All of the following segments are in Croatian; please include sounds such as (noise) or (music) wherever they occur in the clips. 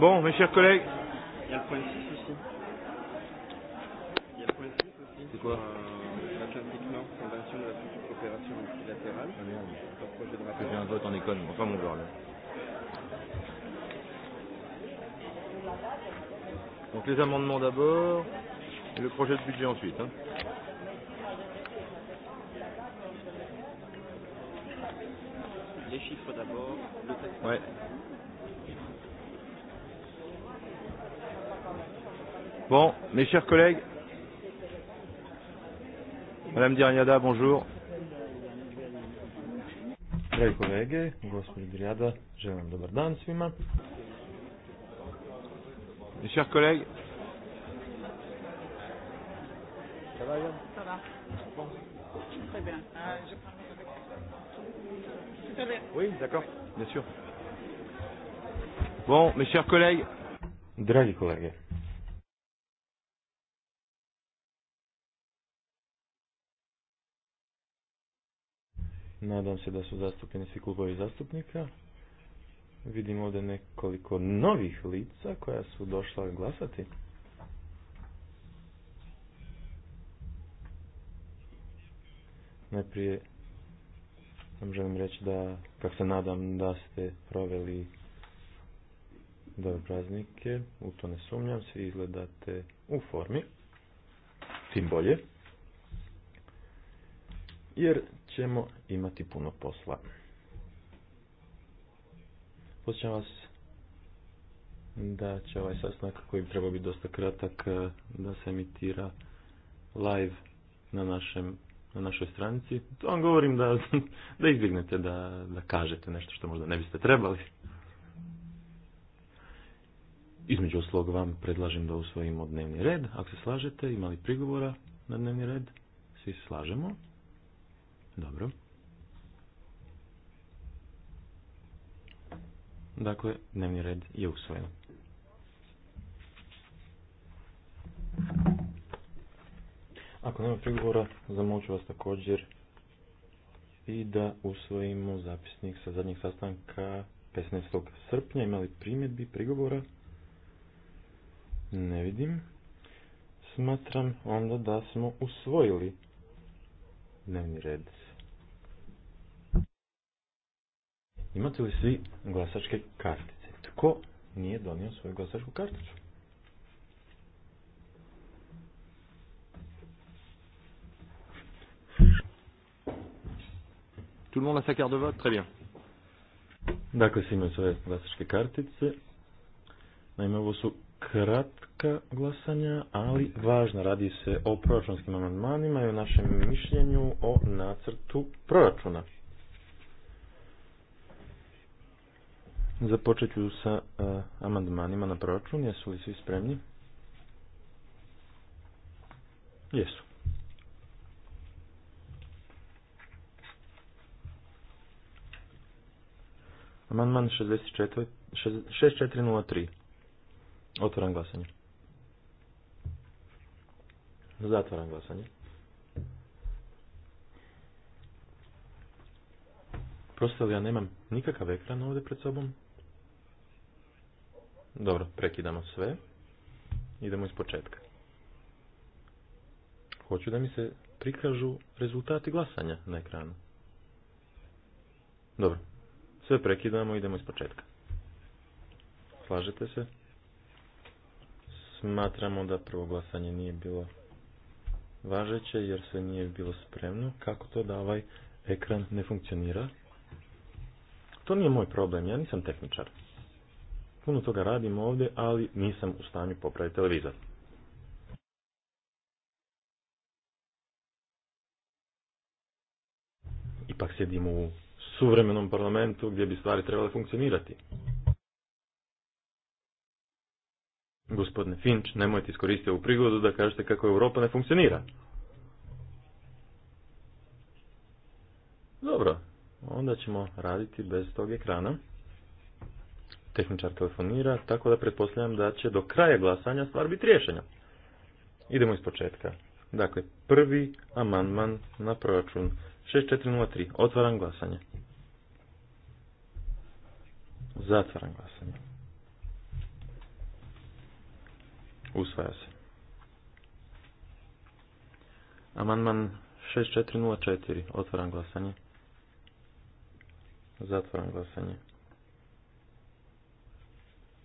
Bon, mes chers collègues. Il y a le point 6 aussi. Il y a le point 6 aussi. C'est quoi euh, L'Atlantique Nord, Convention de la future coopération multilatérale. Ah merde. projet J'ai un vote en école, enfin mon verre là. Donc les amendements d'abord, et le projet de budget ensuite. Hein. Bon, mes chers collègues, Madame Diriada, bonjour. Dragi kolege, gospođo Diriada, želim vam dobar dan svima. Mes chers collègues. Ça va, Yann Ça va. Bon. Très bien. Euh, je prends Tout Très bien. Oui, d'accord, bien sûr. Bon, mes chers collègues. Dragi kolege, Nadam se da su zastupljeni svi klubovi zastupnika. Vidim ovdje nekoliko novih lica koja su došla glasati. Najprije vam želim reći da, kako se nadam, da ste proveli dobre praznike, u to ne sumnjam, svi izgledate u formi, tim bolje jer ćemo imati puno posla. Posjećam vas da će ovaj sastanak koji treba biti dosta kratak e, da se emitira live na našem na našoj stranici. To vam govorim da, (laughs) da izbjegnete da, da kažete nešto što možda ne biste trebali. Između oslog vam predlažem da usvojimo dnevni red. Ako se slažete, imali prigovora na dnevni red? Svi se slažemo. Dobro. Dakle, dnevni red je usvojen. Ako nema prigovora, zamolću vas također i da usvojimo zapisnik sa zadnjeg sastanka 15. srpnja. Imali primjedbi, prigovora? Ne vidim. Smatram onda da smo usvojili dnevni red Imate li svi glasačke kartice? Tko nije donio svoju glasačku karticu? Tout le monde a sa carte de vote, très bien. Dakle, svi imaju svoje glasačke kartice. Naime, ovo su kratka glasanja, ali važna. Radi se o proračunskim amandmanima i o našem mišljenju o nacrtu proračuna. Započet ću sa e, amandmanima na proračun. Jesu li svi spremni? Jesu. Amandman 6403. Otvaram glasanje. Zatvaram glasanje. Prosto ja nemam nikakav ekran ovdje pred sobom? Dobro, prekidamo sve. Idemo iz početka. Hoću da mi se prikažu rezultati glasanja na ekranu. Dobro, sve prekidamo, idemo iz početka. Slažete se? Smatramo da prvo glasanje nije bilo važeće jer se nije bilo spremno. Kako to da ovaj ekran ne funkcionira? To nije moj problem, ja nisam tehničar. Puno toga radim ovdje, ali nisam u stanju popraviti televizor. Ipak sjedim u suvremenom parlamentu gdje bi stvari trebale funkcionirati. Gospodine Finch, nemojte iskoristiti ovu prigodu da kažete kako Europa ne funkcionira. Dobro, onda ćemo raditi bez tog ekrana tehničar telefonira, tako da pretpostavljam da će do kraja glasanja stvar biti rješenja. Idemo iz početka. Dakle, prvi amandman na proračun 6403. Otvaram glasanje. Zatvaram glasanje. Usvaja se. Amandman 6404. Otvaram glasanje. Zatvaram glasanje.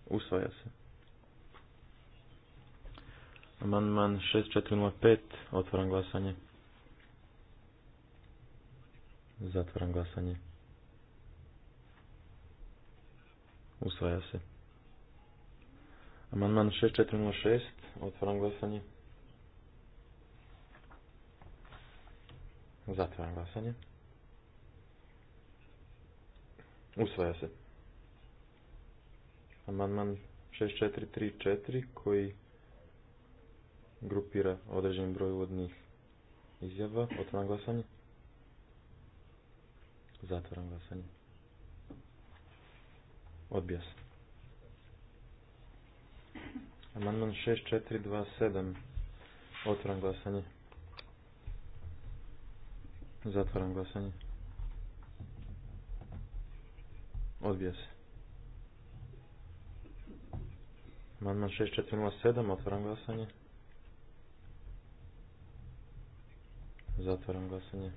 Usvaja se. Amandman 6405. Otvaram glasanje. Zatvaram glasanje. Usvaja se. Amandman 6406. Otvaram glasanje. Zatvaram glasanje. Usvaja se amandman 6434 koji grupira određen broj uvodnih izjava. Otvaram glasanje. Zatvaram glasanje. Odbija se. Amandman 6427. Otvaram glasanje. Zatvaram glasanje. Odbija se. Amandman 6407, otvaram glasanje. Zatvaram glasanje.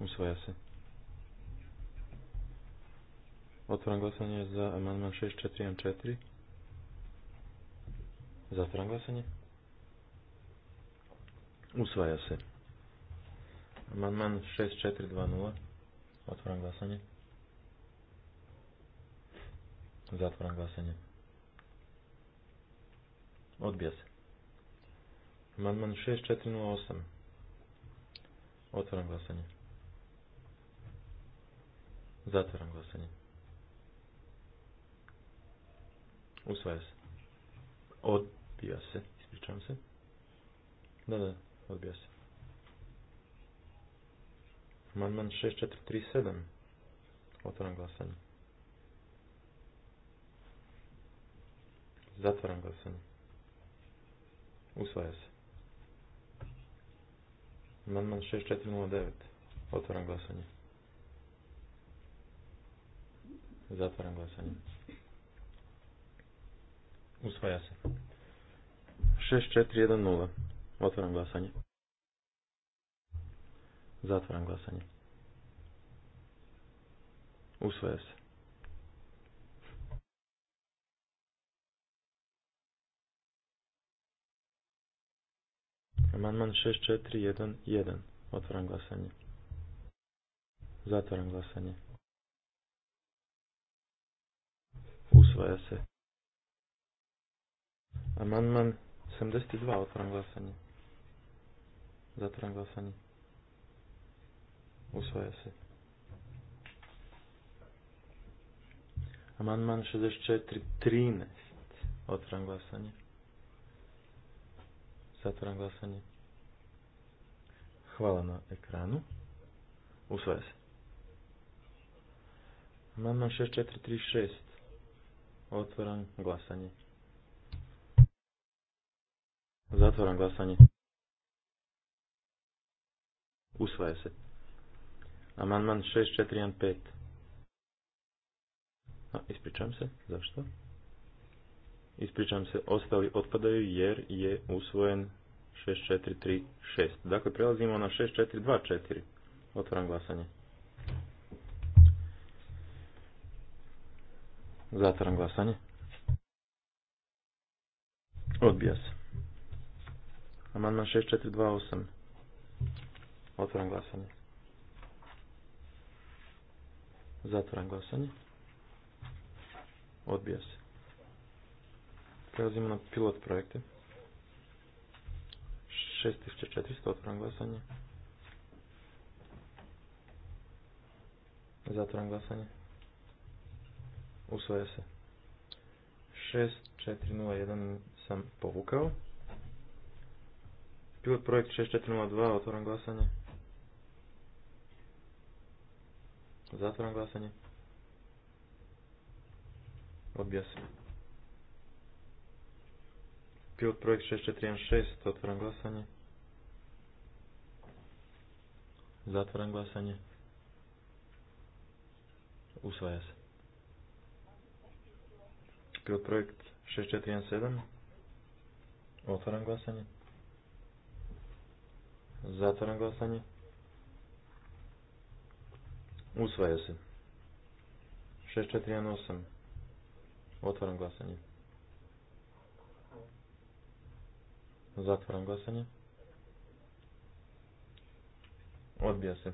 Usvaja se. Otvaram glasanje za amandman 6414. Zatvaram glasanje. Usvaja se. Amandman 6420. Otvaram glasanje. Zatvaram glasanje. Odbija se. Amandman 6408. Otvaram glasanje. Zatvaram glasanje. Usvaja se. Odbija se. Ispričavam se. Da, da, odbija se. Amandman 6437. Otvaram glasanje. Zatvaram glasanje. Usvaja se. Amandman 6409. Otvaram glasanje. Zatvaram glasanje. Usvaja se. 6410. Otvaram glasanje. Zatvaram glasanje. Usvaja se. Amandman 6411. Otvaram glasanje. Zatvaram glasanje. Usvaja se. Amandman 72. Otvaram glasanje. Zatvaram glasanje. Usvaja se. Amandman 64.13. Otvaram glasanje. Zatvoran glasanje. Hvala na ekranu. Usvaja se. Amandman 6436. Otvoran glasanje. Zatvoran glasanje. Usvaja se. Amandman 6415. A, ispričam se. Zašto? Ispričam se, ostali otpadaju jer je usvojen 6436. Dakle, prelazimo na 6424. Otvaram glasanje. Zatvaram glasanje. Odbija se. Amandman 6428. Otvaram glasanje. Zatvaram glasanje. Odbija se. Prelazimo na pilot projekte. 6400 otvoram glasanje. Zatvoram glasanje. Usvaja se. 6401 sam povukao. Pilot projekt 6402 otvoram glasanje. Zatvoram glasanje. Odbija se. Pilot projekt 6416, otvoram glasanje. Zatvoram glasanje. Usvaja se. Pilot projekt 6417, otvoram glasanje. Zatvoram glasanje. Usvaja se. 6418, otvoram glasanje. Zatvaram glasanje. Odbija se.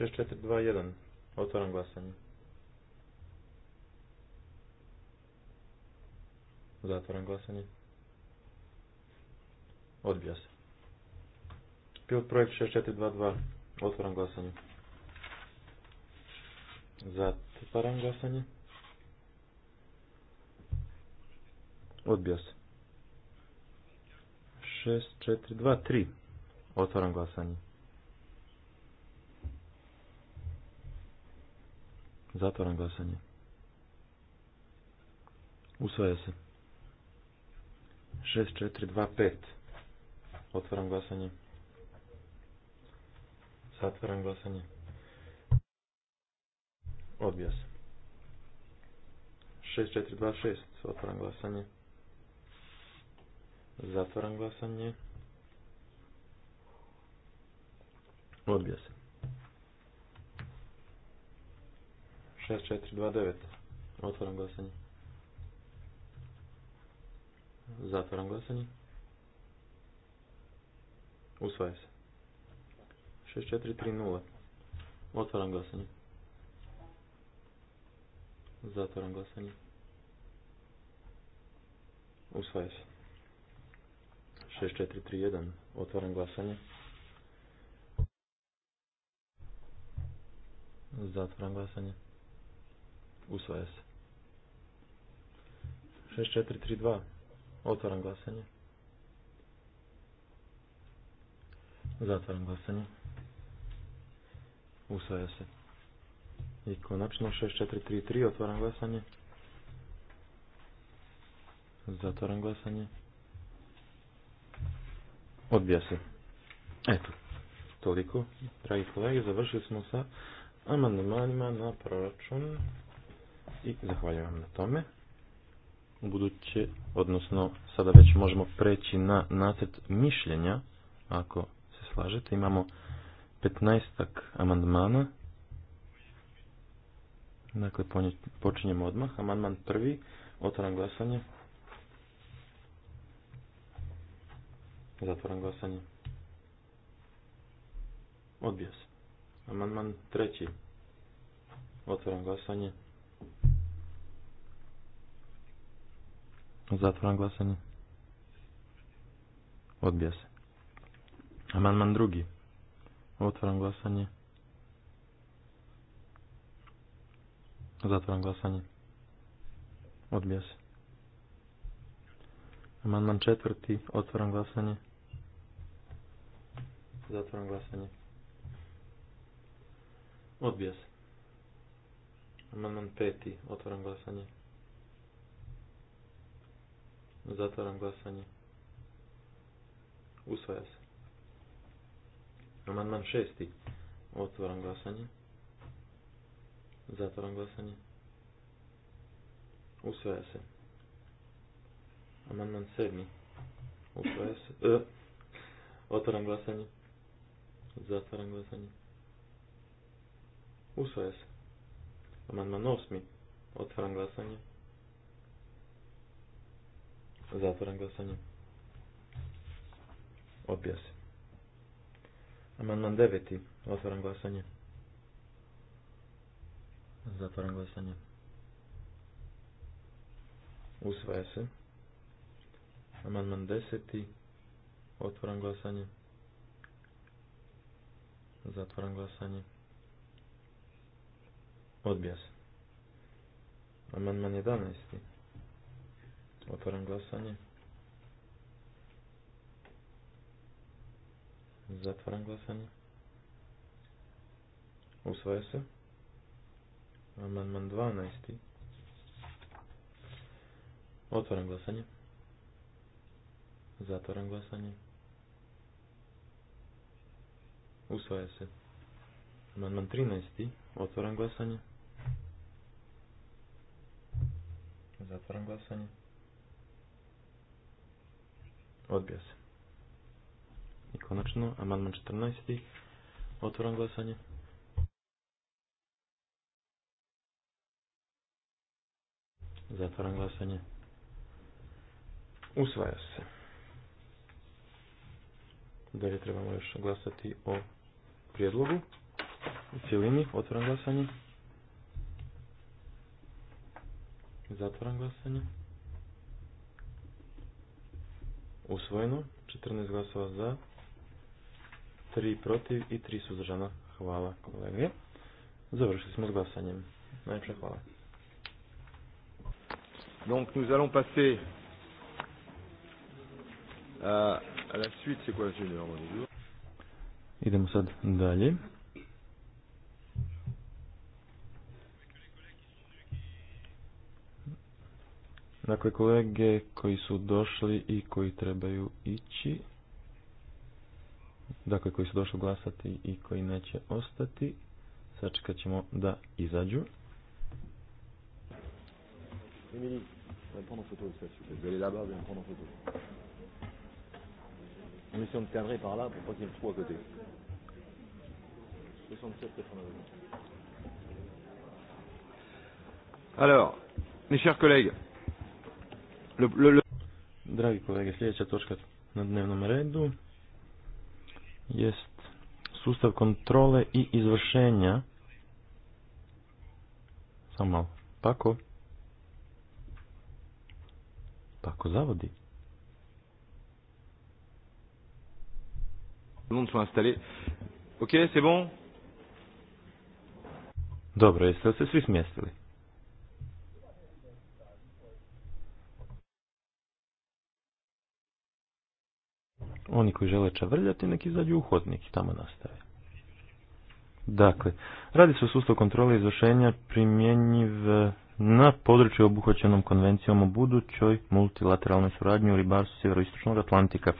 6421. Otvaram glasanje. Zatvaram glasanje. Odbija se. Pilot projekt 6422. Otvaram glasanje. Zatvaram glasanje. Odbija se. 6, 4, 2, 3. Otvaram glasanje. Zatvaram glasanje. Usvaja se. 6, 4, 2, 5. Otvaram glasanje. Zatvaram glasanje. Odbija se. 6, 4, 2, 6. Otvaram glasanje. Zatvaram glasanje. Odbija se. 6429. Otvaram glasanje. Zatvaram glasanje. Usvaja se. 6430. Otvaram glasanje. Zatvaram glasanje. Usvaja se. 6431. Otvaram glasanje. Zatvaram glasanje. Usvaja se. 6432. Otvaram glasanje. Zatvaram glasanje. Usvaja se. I konačno 6433. Otvaram glasanje. Zatvaram glasanje. Odbija se. Eto, toliko. Dragi kolege, završili smo sa amandmanima na proračun i zahvaljujem vam na tome. U buduće, odnosno sada već možemo preći na nacrt mišljenja, ako se slažete. Imamo 15 amandmana. Dakle, počinjemo odmah. Amandman prvi, otvaram glasanje. Zatvoram glasanje. Odbija se. Amandman treći. Otvaram glasanje. Zatvaram glasanje. Odbija se. Amandman drugi. Otvaram glasanje. Zatvaram glasanje. Odbija se. Amandman četvrti. Otvaram glasanje. Zatvaram glasanje. Odbija se. Amandman peti. Otvoram glasanje. Zatvaram glasanje. Usvaja se. Amandman šesti. Otvaram glasanje. Zatvaram glasanje. Usvaja se. Amandman sedmi. Usvaja se. E, glasanje. Zatvaram glasanje. Usvaja se. Amandman osmi. Otvaram glasanje. Zatvaram glasanje. Odbija se. Amandman deveti. Otvaram glasanje. Zatvaram glasanje. Usvaja se. Amandman deseti. Otvaram glasanje. Zatvaram glasanje. Odbija se. Amandman 11. Otvaram glasanje. Zatvaram glasanje. Usvaja se. Amandman 12. Otvaram glasanje. Zatvaram glasanje. Usvaja se. Amandman 13. Otvoram glasanje. Zatvoram glasanje. Odbija se. I konačno, amandman 14. Otvoram glasanje. Zatvoram glasanje. Usvaja se. Dalje trebamo još glasati o prijedlogu u cijelini. Otvoram glasanje. Zatvoren glasanje. Usvojeno. 14 glasova za, 3 protiv i 3 suzdržana. Hvala kolege. Završili smo s glasanjem. Najprej hvala. Donc nous allons passer euh, à la suite, c'est quoi la suite Idemo sad dalje. Dakle, kolege koji su došli i koji trebaju ići, dakle, koji su došli glasati i koji neće ostati, sačekat ćemo da izađu. Émilie, prendre en photo le Vous allez là-bas, vous prendre en photo. On essaie de cadrer par là pour pas qu'il y ait le trou à côté. 67, Alors, mes chers collègues, le, le, le... Dragi kolege, sljedeća točka na dnevnom redu jest sustav kontrole i izvršenja. Samo malo. Pako? Pako zavodi. Le monde soit installé. Ok, c'est bon Dobro, jeste li se svi smjestili? Oni koji žele čavrljati, neki izađu u i tamo nastave. Dakle, radi se o sustavu kontrole izvršenja primjenjiv na području obuhvaćenom konvencijom o budućoj multilateralnoj suradnji u ribarstvu Sjeveroistočnog Atlantika.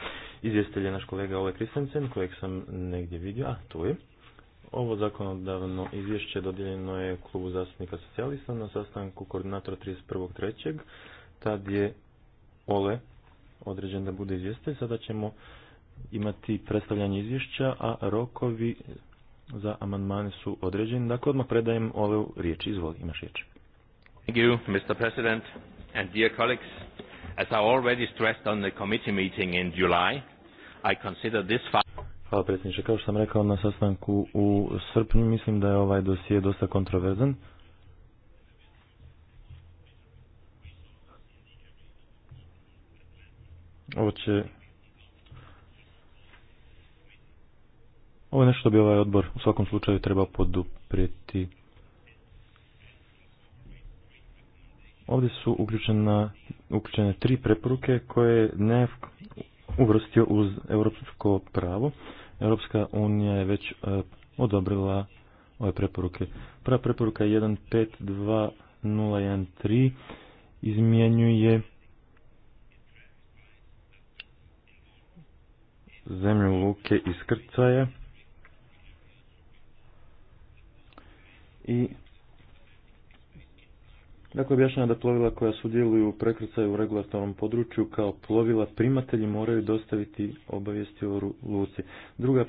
Izvjestitelj je naš kolega Ole Kristensen, kojeg sam negdje vidio, a tu je. Ovo zakonodavno izvješće dodijeljeno je klubu zastupnika socijalista na sastanku koordinatora 31.3. Tad je Ole određen da bude izvjestitelj. Sada ćemo imati predstavljanje izvješća, a rokovi za amandmane su određeni. Dakle, odmah predajem ove riječ. Izvoli, imaš riječ. Thank you, Mr. President and dear colleagues. As I already stressed on the committee meeting in July, Hvala predsjedniče. Kao što sam rekao na sastanku u srpnju, mislim da je ovaj dosije dosta kontroverzan. Ovo Ovo je nešto bi ovaj odbor u svakom slučaju treba poduprijeti. Ovdje su uključene tri preporuke koje ne uvrstio uz europsko pravo. Europska unija je već e, odobrila ove preporuke. Prva preporuka 152013 izmjenjuje zemlju luke iskrcaje i Dakle, objašnjeno da plovila koja sudjeluju u prekrcaju u regulatornom području kao plovila primatelji moraju dostaviti obavijesti o luci. Druga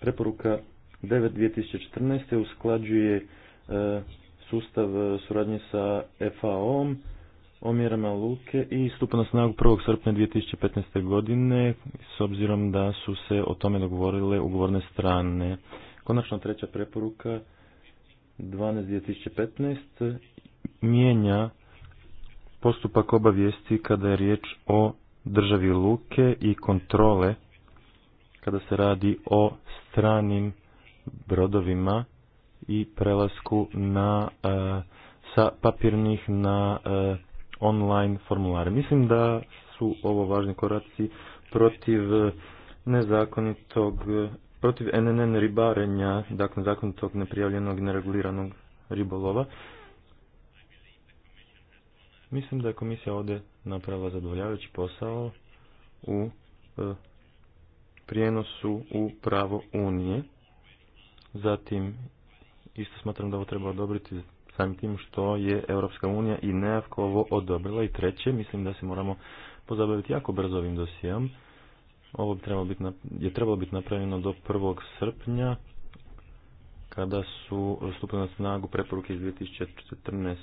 preporuka 9.2014. usklađuje e, sustav e, suradnje sa FAO-om o mjerama luke i stupa na snagu 1. srpnja 2015. godine s obzirom da su se o tome dogovorile ugovorne strane. Konačno treća preporuka 12.2015 mijenja postupak obavijesti kada je riječ o državi luke i kontrole kada se radi o stranim brodovima i prelasku na, e, sa papirnih na e, online formulare. Mislim da su ovo važni koraci protiv nezakonitog, protiv NNN ribarenja, dakle zakonitog neprijavljenog i nereguliranog ribolova. Mislim da je komisija ovdje napravila zadovoljavajući posao u e, prijenosu u pravo Unije. Zatim, isto smatram da ovo treba odobriti samim tim što je Europska unija i nejavko ovo odobrila. I treće, mislim da se moramo pozabaviti jako brzo ovim dosijom. Ovo bi trebalo biti, je trebalo biti napravljeno do 1. srpnja kada su e, stupile na snagu preporuke iz 2014.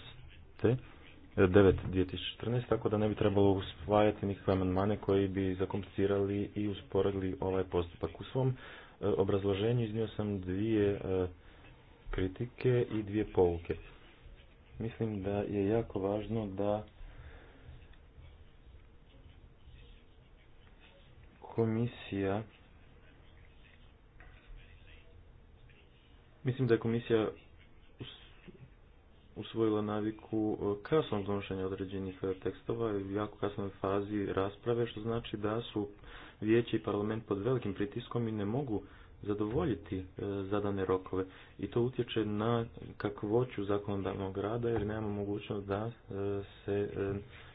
9.2014, tako da ne bi trebalo usvajati nikakve amandmane koji bi zakomplicirali i usporedili ovaj postupak. U svom e, obrazloženju iznio sam dvije e, kritike i dvije pouke. Mislim da je jako važno da komisija Mislim da je komisija usvojila naviku e, kasnog donošenja određenih e, tekstova u jako kasnoj fazi rasprave, što znači da su vijeći i parlament pod velikim pritiskom i ne mogu zadovoljiti e, zadane rokove. I to utječe na kakvoću zakonodavnog rada jer nemamo mogućnost da se,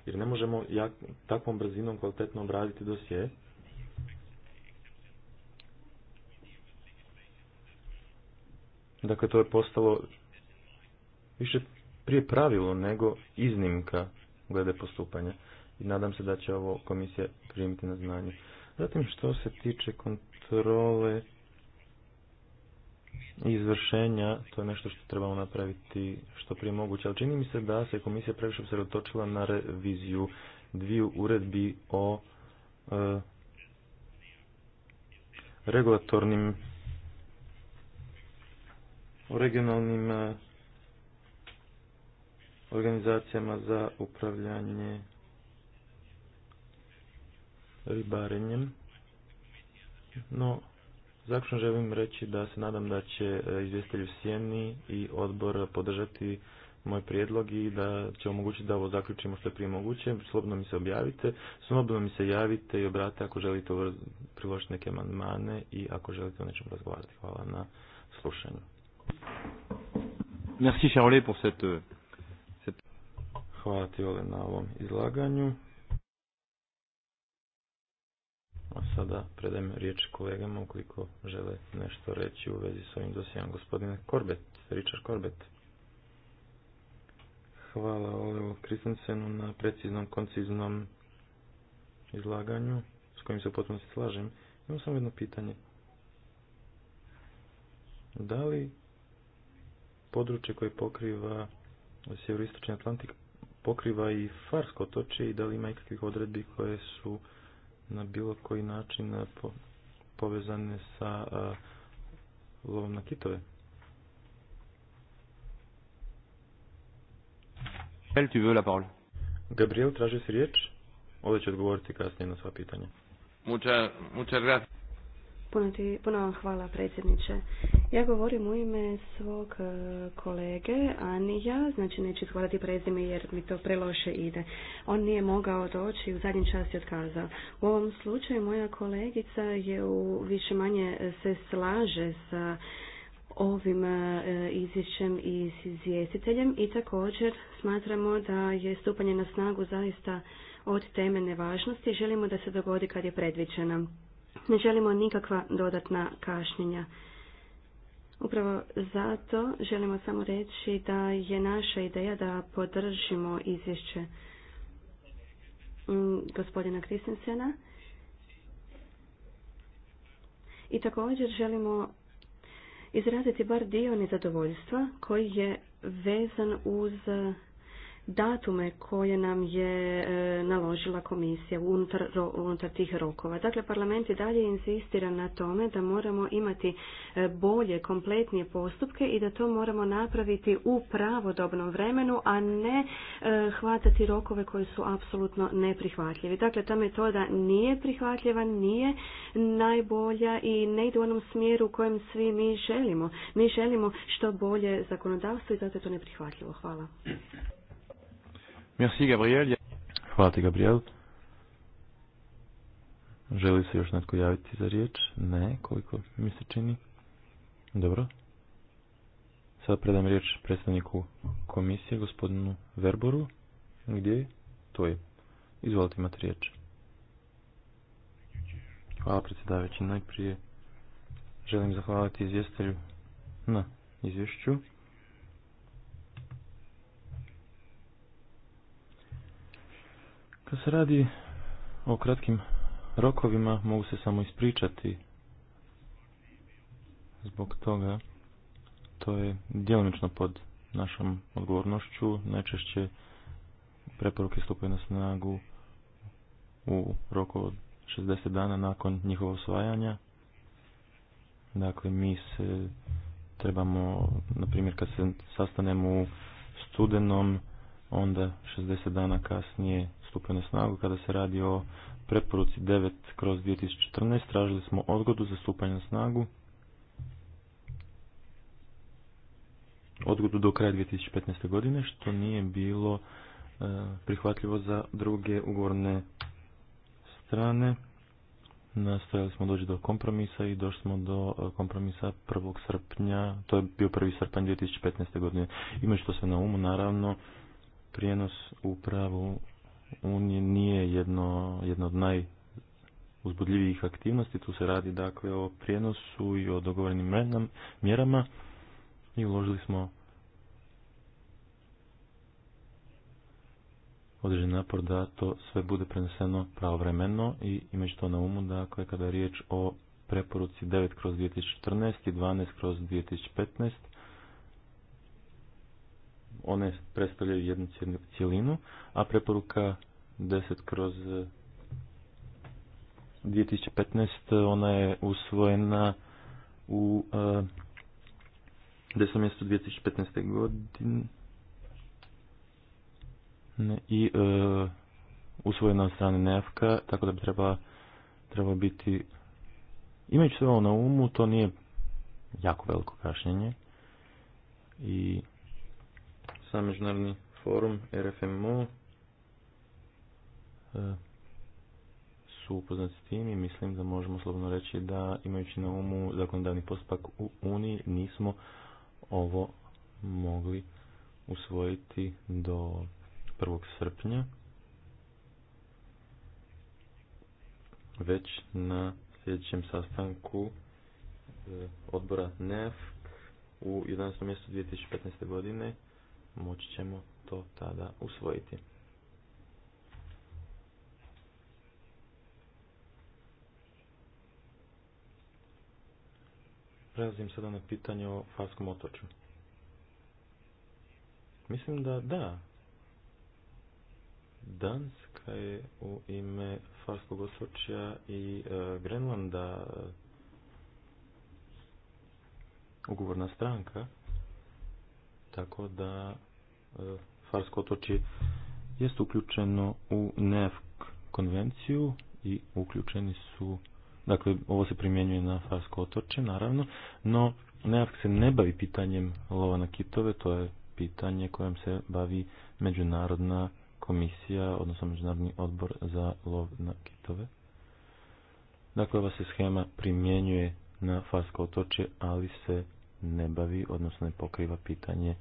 jer ne možemo jak, takvom brzinom kvalitetno obraditi dosje. Dakle, to je postalo više prije pravilo nego iznimka glede postupanja. I nadam se da će ovo komisija primiti na znanje. Zatim što se tiče kontrole izvršenja, to je nešto što trebamo napraviti što prije moguće. Ali čini mi se da se komisija previše usredotočila na reviziju dviju uredbi o e, regulatornim o regionalnim e, organizacijama za upravljanje ribarenjem. No, zaključno želim reći da se nadam da će e, izvjestelju Sjeni i odbor podržati moj prijedlog i da će omogućiti da ovo zaključimo što je prije moguće. Slobno mi se objavite, slobodno mi se javite i obrate ako želite priložiti neke amandmane i ako želite o nečem razgovarati. Hvala na slušanju. Merci Charlie pour cette Hvala ti Ole na ovom izlaganju. A sada predajem riječ kolegama ukoliko žele nešto reći u vezi s ovim dosijem Gospodine Korbet, Richard Korbet. Hvala u Kristensenu na preciznom, konciznom izlaganju s kojim se u potpunosti slažem. Imam samo jedno pitanje. Da li područje koje pokriva sjeveroistočni Atlantik pokriva i farsko otočje i da li ima ikakvih odredbi koje su na bilo koji način povezane sa lovom na kitove. tu veux Gabriel, traži si riječ? Ovdje će odgovoriti kasnije na sva pitanja. Muchas, muchas Puno, vam hvala predsjedniče. Ja govorim u ime svog e, kolege Anija, znači neću izgledati prezime jer mi to preloše ide. On nije mogao doći, u zadnjem časti je otkazao. U ovom slučaju moja kolegica je u više manje e, se slaže sa ovim e, izvješćem i s izvjestiteljem i također smatramo da je stupanje na snagu zaista od temene važnosti. Želimo da se dogodi kad je predviđena. Ne želimo nikakva dodatna kašnjenja. Upravo zato želimo samo reći da je naša ideja da podržimo izvješće mm, gospodina Kristensena. I također želimo izraziti bar dio nezadovoljstva koji je vezan uz datume koje nam je e, naložila komisija unutar, tih rokova. Dakle, parlament i dalje insistira na tome da moramo imati e, bolje, kompletnije postupke i da to moramo napraviti u pravodobnom vremenu, a ne e, hvatati rokove koji su apsolutno neprihvatljivi. Dakle, ta metoda nije prihvatljiva, nije najbolja i ne ide u onom smjeru u kojem svi mi želimo. Mi želimo što bolje zakonodavstvo i zato je to neprihvatljivo. Hvala. Merci Gabriel. Hvala ti Gabriel. Želi se još netko javiti za riječ? Ne, koliko mi se čini. Dobro. Sad predam riječ predstavniku komisije, gospodinu Verboru. Gdje To je. Izvolite imati riječ. Hvala predsjedavajući. Najprije želim zahvaliti izvjestelju na izvješću. Kad se radi o kratkim rokovima, mogu se samo ispričati zbog toga. To je djelomično pod našom odgovornošću. Najčešće preporuke stupaju na snagu u roku od 60 dana nakon njihova osvajanja. Dakle, mi se trebamo, na primjer, kad se sastanemo u studenom, onda 60 dana kasnije stupio na snagu kada se radi o preporuci 9 kroz 2014. Tražili smo odgodu za stupanje na snagu. Odgodu do kraja 2015. godine, što nije bilo e, prihvatljivo za druge ugovorne strane. Nastojali smo doći do kompromisa i došli smo do e, kompromisa 1. srpnja, to je bio 1. srpanj 2015. godine. Ima što se na umu, naravno, prijenos u pravu unije nije jedno, jedno od najuzbudljivijih aktivnosti. Tu se radi dakle o prijenosu i o dogovorenim mjerama i uložili smo određen napor da to sve bude preneseno pravovremeno i imajući to na umu, dakle, kada je riječ o preporuci 9 kroz 2014 i 12 kroz 2015, one predstavljaju jednu cijelinu, a preporuka 10 kroz 2015 e, e, ona je usvojena u uh, mjestu 2015. godine i e, usvojena od strane NEFKA, tako da bi treba, treba biti imajući sve ovo na umu, to nije jako veliko kašnjenje i sam međunarodni forum RFMO e, su upoznati s tim i mislim da možemo slobodno reći da imajući na umu zakonodavni postupak u Uniji nismo ovo mogli usvojiti do 1. srpnja već na sljedećem sastanku e, odbora NEF u 11. mjestu 2015. godine moći ćemo to tada usvojiti. Prelazim sada na pitanje o Farskom otoču. Mislim da da. Danska je u ime Farskog otočja i e, Grenlanda ugovorna stranka, tako da E, Farsko otočje jest uključeno u NEFK konvenciju i uključeni su, dakle ovo se primjenjuje na Farsko otočje naravno, no NEFK se ne bavi pitanjem lova na kitove, to je pitanje kojem se bavi međunarodna komisija, odnosno međunarodni odbor za lov na kitove. Dakle, ova se schema primjenjuje na Farsko otočje, ali se ne bavi, odnosno ne pokriva pitanje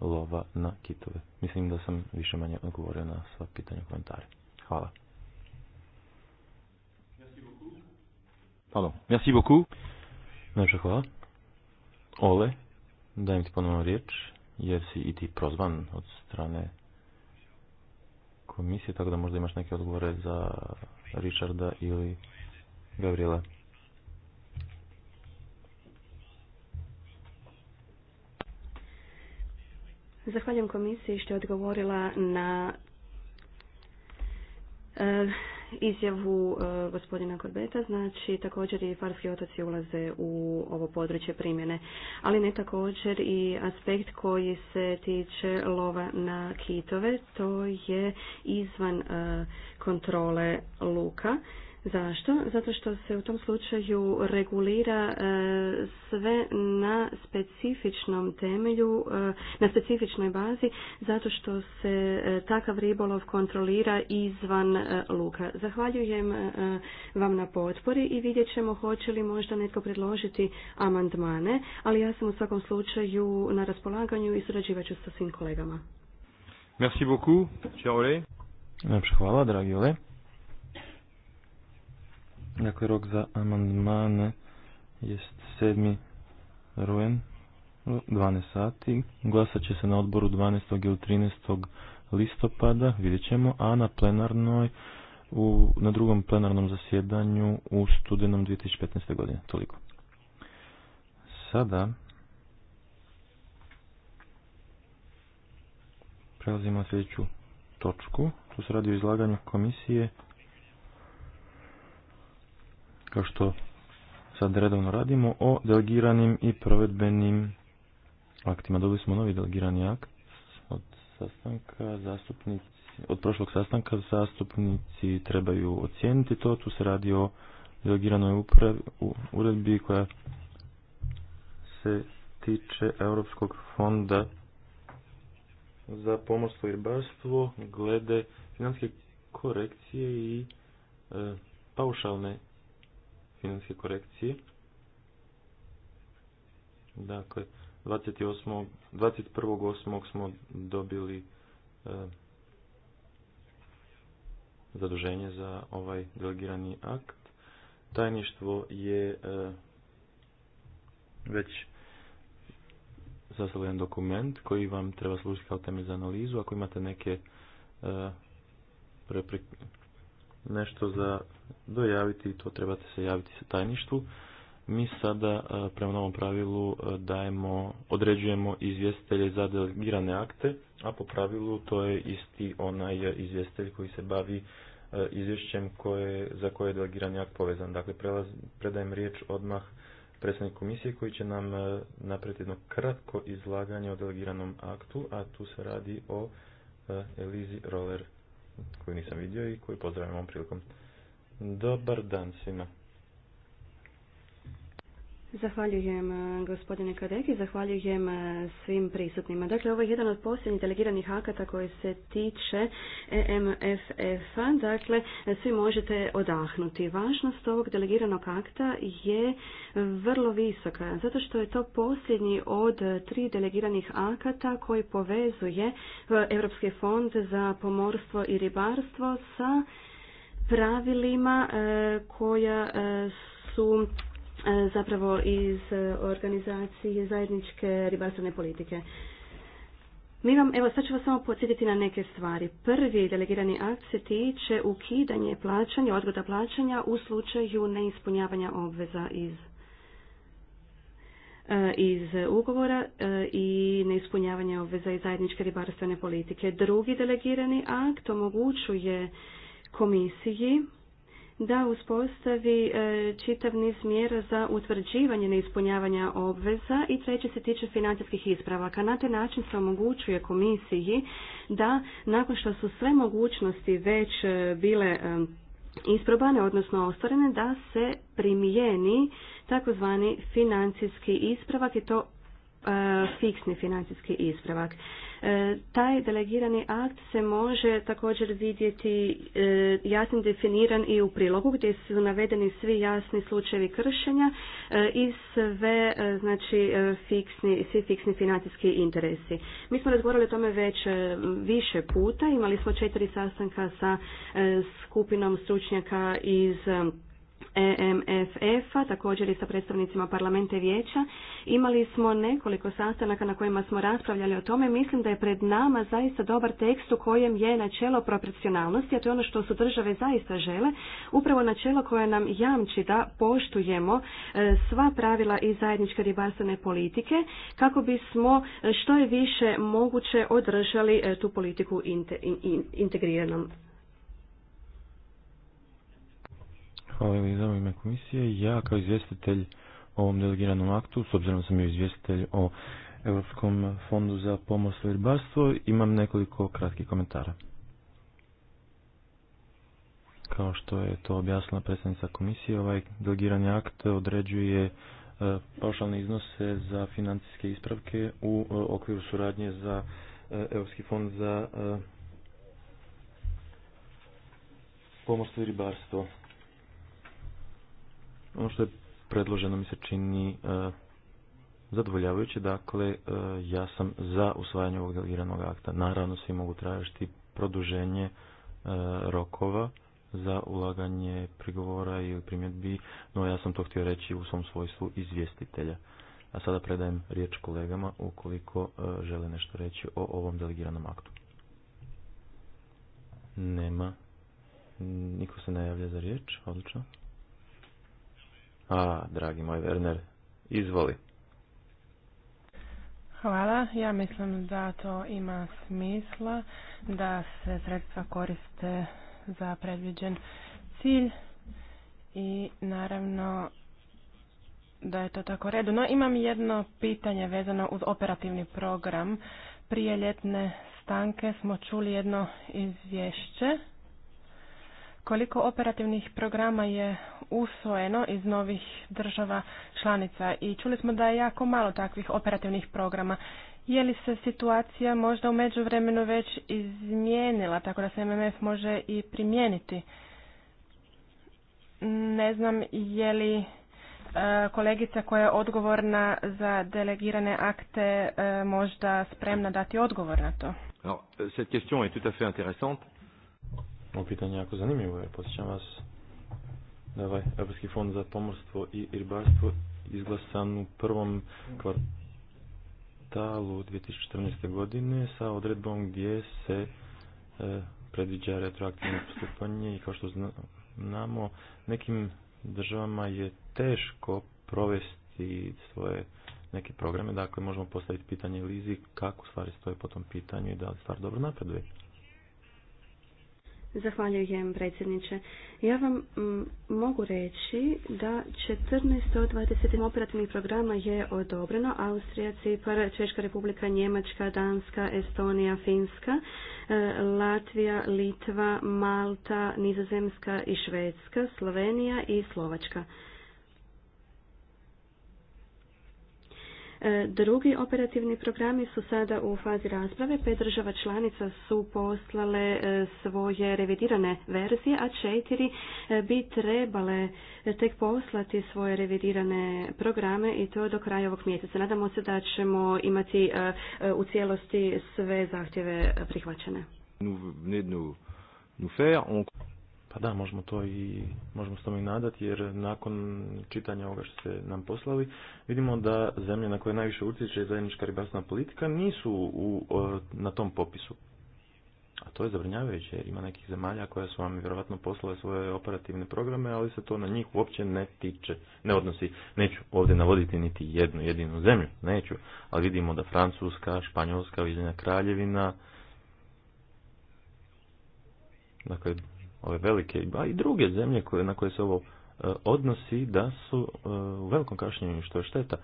lova na kitove. Mislim da sam više manje odgovorio na sva pitanja i komentare. Hvala. Pardon. Merci beaucoup. hvala. Ole, dajem ti ponovno riječ, jer si i ti prozvan od strane komisije, tako da možda imaš neke odgovore za Richarda ili Gabriela. Zahvaljujem komisiji što je odgovorila na e, izjavu e, gospodina Korbeta, znači također i Farski otoci ulaze u ovo područje primjene, ali ne također i aspekt koji se tiče lova na kitove, to je izvan e, kontrole luka. Zašto? Zato što se u tom slučaju regulira e, sve na specifičnom temelju, e, na specifičnoj bazi, zato što se e, takav ribolov kontrolira izvan luka. Zahvaljujem vam na potpori i vidjet ćemo hoće li možda netko predložiti amandmane, ali ja sam u svakom slučaju na raspolaganju i surađivat ću sa svim kolegama. Merci beaucoup, cher hvala, dragi Dakle, rok za amandmane je 7. rujen, 12 sati. Glasat će se na odboru 12. ili 13. listopada, vidjet ćemo, a na plenarnoj, u, na drugom plenarnom zasjedanju u studenom 2015. godine. Toliko. Sada prelazimo na sljedeću točku. Tu se radi o izlaganju komisije kao što sad redovno radimo, o delegiranim i provedbenim aktima. Dobili smo novi delegirani akt od sastanka zastupnici, od prošlog sastanka zastupnici trebaju ocijeniti to, tu se radi o delegiranoj u, uredbi koja se tiče Europskog fonda za pomorstvo i ribarstvo glede financijske korekcije i e, paušalne financijske korekcije. Dakle, 21.8. smo dobili e, zaduženje za ovaj delegirani akt. Tajništvo je e, već sastavljen dokument koji vam treba služiti kao temelj za analizu. Ako imate neke e, nešto za dojaviti i to trebate se javiti sa tajništvu. Mi sada e, prema novom pravilu e, dajemo, određujemo izvjestitelje za delegirane akte, a po pravilu to je isti onaj izvjestitelj koji se bavi e, izvješćem koje, za koje je delegirani akt povezan. Dakle, predajem riječ odmah predsjednik komisije koji će nam napraviti jedno kratko izlaganje o delegiranom aktu, a tu se radi o Elizi Roller koju nisam vidio i koju pozdravljam ovom prilikom. Dobar dan svima. Zahvaljujem e, gospodine Kadeki, zahvaljujem e, svim prisutnima. Dakle, ovo je jedan od posljednjih delegiranih akata koji se tiče EMFF-a, dakle, svi možete odahnuti. Važnost ovog delegiranog akta je vrlo visoka, zato što je to posljednji od tri delegiranih akata koji povezuje Europski fond za pomorstvo i ribarstvo sa pravilima e, koja su E, zapravo iz e, organizacije zajedničke ribarstvene politike. Mi vam, evo sad ću vas samo podsjetiti na neke stvari. Prvi delegirani akt se tiče ukidanje plaćanja, odgoda plaćanja u slučaju neispunjavanja obveza iz e, iz ugovora i neispunjavanja obveza iz zajedničke ribarstvene politike. Drugi delegirani akt omogućuje komisiji da uspostavi e, čitav niz mjera za utvrđivanje neispunjavanja obveza i treće se tiče financijskih ispravaka. Na taj način se omogućuje komisiji da nakon što su sve mogućnosti već e, bile e, isprobane, odnosno ostvarene, da se primijeni takozvani financijski ispravak i to E, fiksni financijski ispravak. E, taj delegirani akt se može također vidjeti e, jasno definiran i u prilogu gdje su navedeni svi jasni slučajevi kršenja i sve znači fiksni, svi fiksni financijski interesi. Mi smo razgovarali o tome već više puta, imali smo četiri sastanka sa skupinom stručnjaka iz EMFF-a, također i sa predstavnicima parlamenta vijeća. Imali smo nekoliko sastanaka na kojima smo raspravljali o tome. Mislim da je pred nama zaista dobar tekst u kojem je načelo proporcionalnosti, a to je ono što su države zaista žele, upravo načelo koje nam jamči da poštujemo e, sva pravila i zajedničke ribarstvene politike kako bismo e, što je više moguće održali e, tu politiku integriranom Hvala Eliza u ime komisije. Ja kao izvjestitelj o ovom delegiranom aktu, s obzirom sam joj izvjestitelj o Europskom fondu za pomorstvo i ribarstvo, imam nekoliko kratkih komentara. Kao što je to objasnila predstavnica komisije, ovaj delegirani akt određuje e, paušalne iznose za financijske ispravke u e, okviru suradnje za e, Europski fond za pomorstvo i ribarstvo. Ono što je predloženo mi se čini e, zadovoljavajuće, dakle e, ja sam za usvajanje ovog delegiranog akta. Naravno svi mogu tražiti produženje e, rokova za ulaganje prigovora ili primjedbi, no ja sam to htio reći u svom svojstvu izvjestitelja. A sada predajem riječ kolegama ukoliko žele nešto reći o ovom delegiranom aktu. Nema. Niko se ne javlja za riječ, odlično. A, dragi moj Werner, izvoli. Hvala. Ja mislim da to ima smisla da se sredstva koriste za predviđen cilj i naravno da je to tako redu. No imam jedno pitanje vezano uz operativni program. Prije ljetne stanke smo čuli jedno izvješće koliko operativnih programa je usvojeno iz novih država članica i čuli smo da je jako malo takvih operativnih programa. Je li se situacija možda u međuvremenu već izmijenila tako da se MMF može i primijeniti? Ne znam je li e, kolegica koja je odgovorna za delegirane akte e, možda spremna dati odgovor na to. Alors, cette question est tout à fait intéressante. Ovo pitanje je jako zanimljivo. Je. Posjećam vas da je ovaj Europski fond za pomorstvo i ribarstvo izglasan u prvom kvartalu 2014. godine sa odredbom gdje se e, predviđa retroaktivno postupanje i kao što znamo nekim državama je teško provesti svoje neke programe, dakle možemo postaviti pitanje Lizi kako stvari stoje po tom pitanju i da li stvar dobro napreduje. Zahvaljujem predsjedniče. Ja vam mm, mogu reći da 14 od 20 operativnih programa je odobreno. Austrija, Češka republika, Njemačka, Danska, Estonija, Finska, e, Latvija, Litva, Malta, Nizozemska i Švedska, Slovenija i Slovačka. E, drugi operativni programi su sada u fazi rasprave. Pet država članica su poslale e, svoje revidirane verzije, a četiri e, bi trebale tek poslati svoje revidirane programe i to do kraja ovog mjeseca. Nadamo se da ćemo imati u cijelosti sve zahtjeve prihvaćene. Pa da, možemo to i možemo s tome i nadati jer nakon čitanja ovoga što ste nam poslali vidimo da zemlje na koje najviše utječe zajednička ribarstvena politika nisu u, na tom popisu. A to je zabrinjavajuće jer ima nekih zemalja koja su vam vjerojatno poslale svoje operativne programe, ali se to na njih uopće ne tiče, ne odnosi. Neću ovdje navoditi niti jednu jedinu zemlju, neću, ali vidimo da Francuska, Španjolska, Ujedinjena Kraljevina, dakle ove velike, a i druge zemlje koje, na koje se ovo e, odnosi da su e, u velikom kašnjenju što je šteta.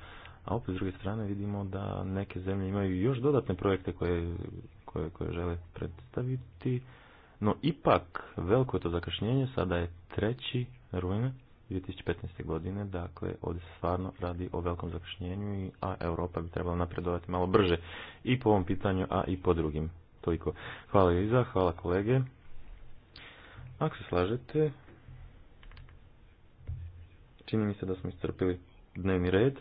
A opet s druge strane vidimo da neke zemlje imaju još dodatne projekte koje, koje, koje žele predstaviti. No ipak veliko je to zakašnjenje, sada je treći rujna 2015. godine, dakle ovdje se stvarno radi o velikom zakašnjenju, a Europa bi trebala napredovati malo brže i po ovom pitanju, a i po drugim. Toliko. Hvala Iza, hvala kolege. Ako se slažete, čini mi se da smo iscrpili dnevni red.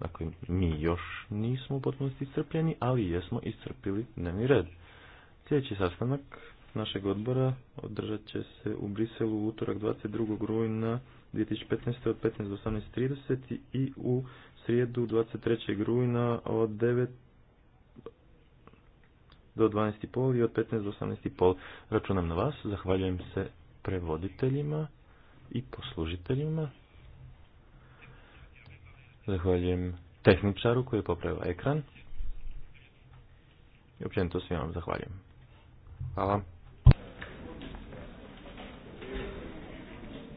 Dakle, mi još nismo u potpunosti iscrpljeni, ali jesmo iscrpili dnevni red. Sljedeći sastanak našeg odbora održat će se u Briselu u utorak 22. rujna 2015. od 15 do 18.30 i u srijedu 23. rujna od 9 do 12.30 i od 15 do 18.30. Računam na vas, zahvaljujem se prevoditeljima i poslužiteljima. Zahvaljujem tehničaru koji je popravio ekran. I općenito svima vam zahvaljujem. Hvala.